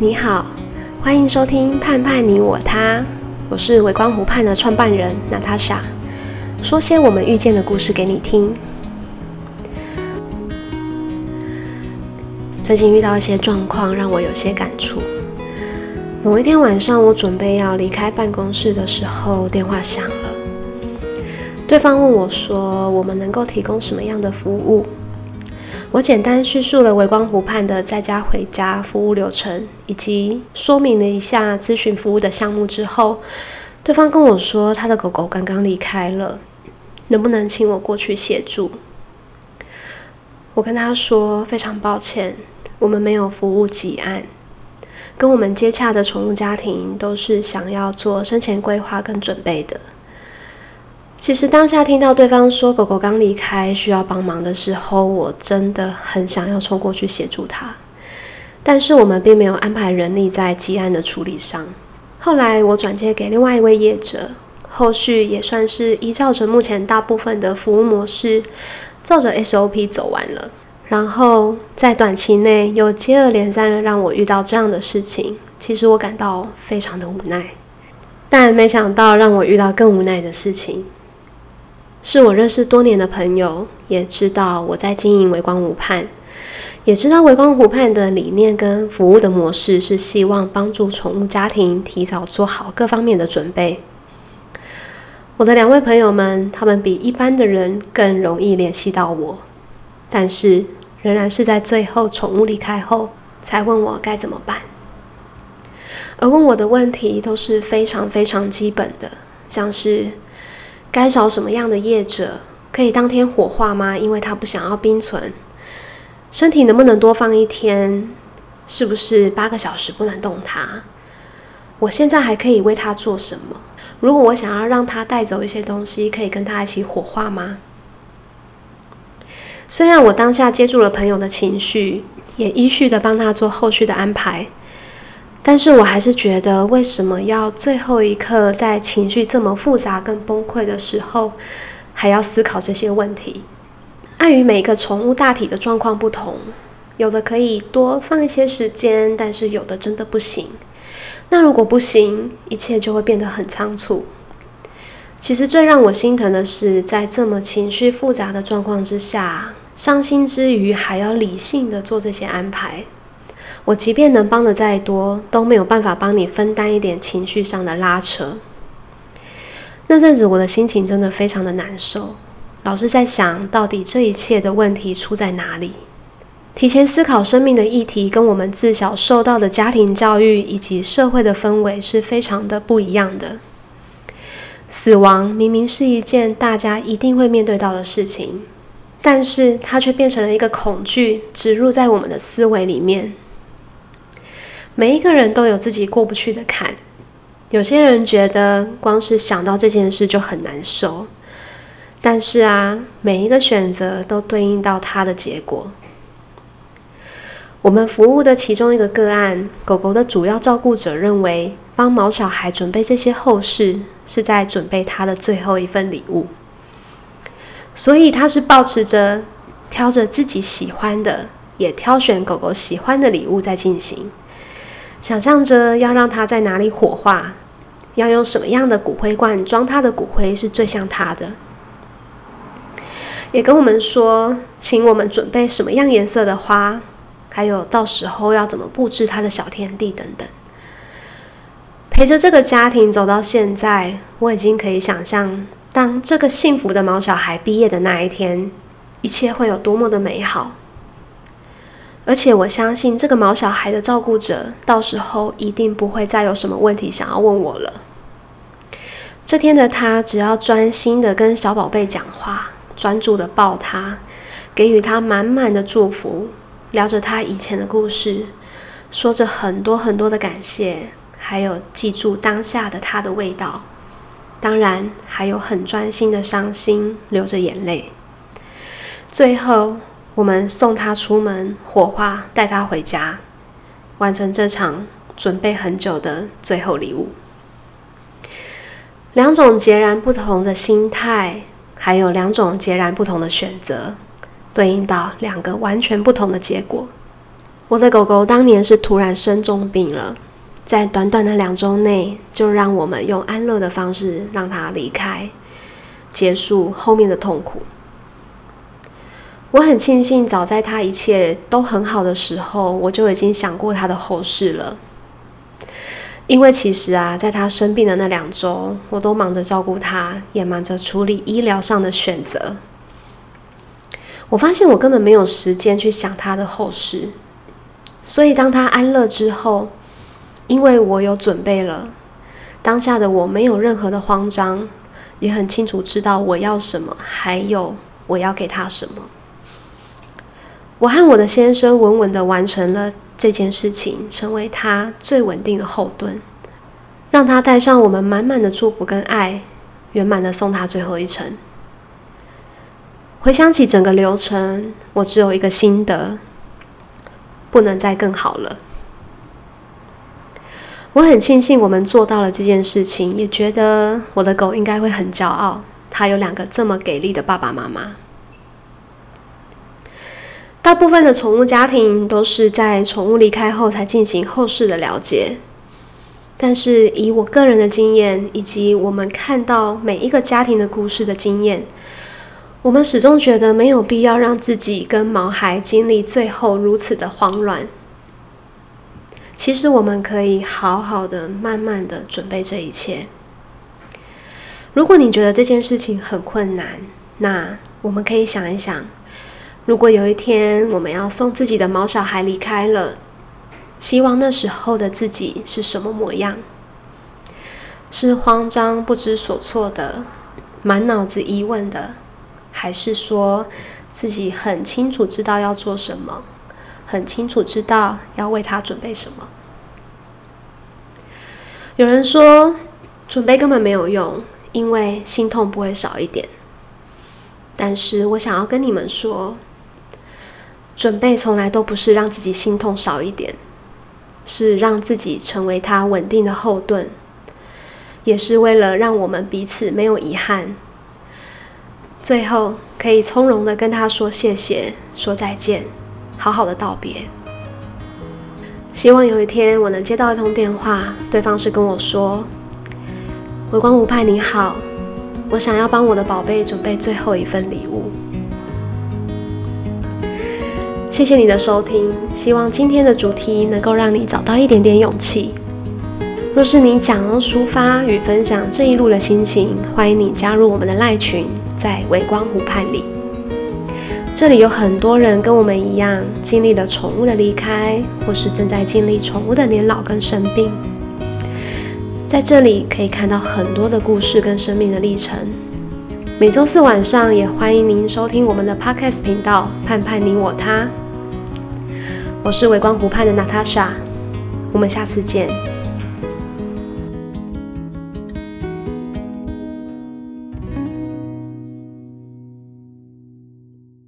你好，歡迎收聽《盼盼你我他》，我是微光湖盼的創辦人娜塔莎，說些我們遇見的故事給你聽。最近遇到一些狀況，讓我有些感觸。某一天晚上，我準備要離開辦公室的時候，電話響了，對方問我說：“我們能夠提供什麼樣的服務？”我簡單敘述了微光湖盼的在家回家服務流程，以及說明了一下諮詢服務的項目之後，對方跟我說他的狗狗剛剛離開了，能不能請我過去協助？我跟他說非常抱歉，我們沒有服務急案，跟我們接洽的寵物家庭都是想要做生前規劃跟準備的。其實當下聽到對方說狗狗剛離開需要幫忙的時候，我真的很想要衝過去協助他，但是我們並沒有安排人力在急案的處理上。後來我轉介給另外一位業者，後續也算是依照着目前大部分的服務模式，照着 SOP 走完了。然後在短期內又接二連三的讓我遇到這樣的事情，其實我感到非常的無奈，但沒想到讓我遇到更無奈的事情。是我認識多年的朋友，也知道我在經營微光湖盼，也知道微光湖盼的理念跟服務的模式是希望幫助寵物家庭提早做好各方面的準備。我的兩位朋友們，他們比一般的人更容易聯繫到我，但是仍然是在最後寵物離開後才問我該怎麼辦，而問我的問題都是非常非常基本的，像是。該找什麼樣的業者？可以當天火化嗎？因為他不想要冰存，身體能不能多放一天？是不是八個小時不能動他？我現在還可以為他做什麼？如果我想要讓他帶走一些東西，可以跟他一起火化嗎？雖然我當下接住了朋友的情緒，也依序的幫他做後續的安排，但是我還是覺得，為什麼要最後一刻在情緒這麼複雜、跟崩潰的時候，還要思考這些問題？礙於每一個寵物大體的狀況不同，有的可以多放一些時間，但是有的真的不行。那如果不行，一切就會變得很倉促。其實最讓我心疼的是，在這麼情緒複雜的狀況之下，傷心之餘還要理性的做這些安排。我即便能幫的再多，都沒有辦法幫你分擔一點情緒上的拉扯。那陣子我的心情真的非常的難受，老是在想到底這一切的問題出在哪裡。提前思考生命的議題，跟我們自小受到的家庭教育以及社會的氛圍是非常的不一樣的。死亡明明是一件大家一定會面對到的事情，但是它卻變成了一個恐懼，植入在我們的思維裡面。每一個人都有自己過不去的坎，有些人覺得光是想到這件事就很難受。但是啊，每一個選擇都對應到他的結果。我們服務的其中一個個案，狗狗的主要照顧者認為，幫毛小孩準備這些後事是在準備他的最後一份禮物，所以他是抱持著挑着自己喜歡的，也挑選狗狗喜歡的禮物在進行。想象着要讓他在哪裡火化，要用什麼樣的骨灰罐裝他的骨灰是最像他的。也跟我們說，請我們準備什麼樣顏色的花，還有到時候要怎麼布置他的小天地等等。陪着這個家庭走到現在，我已經可以想象，當這個幸福的毛小孩畢業的那一天，一切會有多麼的美好。而且我相信，這個毛小孩的照顧者到時候一定不會再有什麼問題想要問我了。這天的他，只要專心的跟小寶貝講話，專注的抱他，給予他滿滿的祝福，聊着他以前的故事，說着很多很多的感謝，還有記住當下的他的味道。當然，還有很專心的傷心，流着眼淚。最後，我們送他出門，火化帶他回家，完成這場準備很久的最後禮物。兩種截然不同的心態，還有兩種截然不同的選擇，對應到兩個完全不同的結果。我的狗狗當年是突然生重病了，在短短的兩週內，就讓我們用安樂的方式讓他離開，結束後面的痛苦。我很慶幸，早在他一切都很好的時候，我就已經想過他的後事了。因為其實啊，在他生病的那兩週，我都忙着照顧他，也忙着處理醫療上的選擇。我發現我根本沒有時間去想他的後事，所以當他安樂之後，因為我有準備了，當下的我沒有任何的慌張，也很清楚知道我要什麼，還有我要給他什麼。我和我的先生穩穩的完成了這件事情，成為他最穩定的後盾，讓他帶上我們滿滿的祝福跟愛，圓滿的送他最後一程。回想起整個流程，我只有一個心得，不能再更好了。我很慶幸我們做到了這件事情，也覺得我的狗應該會很驕傲，他有兩個這麼給力的爸爸媽媽。大部分的寵物家庭都是在寵物離開後才進行後事的了解，但是以我個人的經驗以及我們看到每一個家庭的故事的經驗，我們始終覺得沒有必要讓自己跟毛孩經歷最後如此的慌亂。其實我們可以好好的、慢慢的準備這一切。如果你覺得這件事情很困難，那我們可以想一想。如果有一天我們要送自己的毛小孩離開了，希望那時候的自己是什麼模樣？是慌張不知所措的，滿腦子疑問的，還是說自己很清楚知道要做什麼，很清楚知道要為他準備什麼？有人說準備根本沒有用，因為心痛不會少一點。但是我想要跟你們說。準備從來都不是讓自己心痛少一點，是讓自己成為他穩定的後盾，也是為了讓我們彼此沒有遺憾，最後可以從容的跟他說謝謝，說再見，好好的道別。希望有一天我能接到一通電話，對方是跟我說：“微光湖盼你好，我想要幫我的寶貝準備最後一份禮物。”謝謝你的收聽，希望今天的主題能夠讓你找到一點點勇氣。若是你想要抒發與分享這一路的心情，歡迎你加入我們的賴群，在微光湖畔盼裡，這裡有很多人跟我們一樣經歷了寵物的離開，或是正在經歷寵物的年老跟生病。在這裡可以看到很多的故事跟生命的歷程。每周四晚上也歡迎您收聽我們的 podcast 頻道《盼盼你我他》。我是微光湖盼的娜塔莎，我們下次見。